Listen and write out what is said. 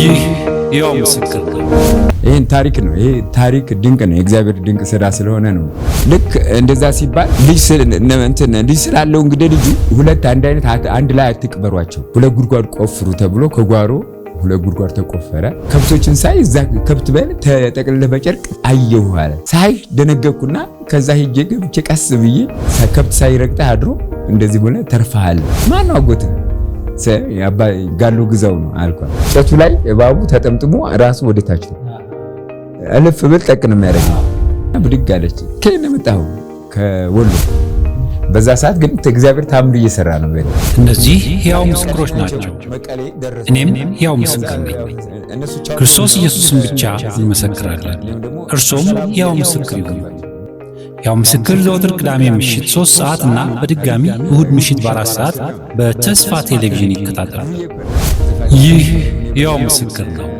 ይህ ያው ምስክር ነው። ይህን ታሪክ ነው። ይህ ታሪክ ድንቅ ነው። የእግዚአብሔር ድንቅ ስራ ስለሆነ ነው። ልክ እንደዛ ሲባል ልጅ ስላለው እንግዲህ ልጁ ሁለት አንድ አይነት አንድ ላይ አትቅበሯቸው፣ ሁለት ጉድጓድ ቆፍሩ ተብሎ ከጓሮ ሁለት ጉድጓድ ተቆፈረ። ከብቶችን ሳይ እዛ ከብት በል ተጠቅልለ በጨርቅ አየሁ አለ። ሳይ ደነገግኩና ከዛ ሄጄ ገብቼ ቀስ ብዬ ከብት ሳይረግጠ አድሮ እንደዚህ ሆነ ተርፈሃል። ማን ነው አጎት ጋሉ ግዛው ነው አልኳት። እንጨቱ ላይ እባቡ ተጠምጥሞ ራሱ ወደታች ነው። እልፍ ብል ጠቅ ነው የሚያደርገው። ብድግ አለች። ከየት ነው የመጣኸው? ከወሎ። በዛ ሰዓት ግን እግዚአብሔር ታምር እየሰራ ነው። እነዚህ ሕያው ምስክሮች ናቸው። እኔም ሕያው ምስክር ነኝ። ክርስቶስ ኢየሱስን ብቻ እንመሰክራለን፣ እርሶም ሕያው ምስክር ይሁን። ያው ምስክር ዘወትር ቅዳሜ ምሽት ሦስት ሰዓት እና በድጋሚ እሁድ ምሽት በአራት ሰዓት በተስፋ ቴሌቪዥን ይከታተላል። ይህ ያው ምስክር ነው።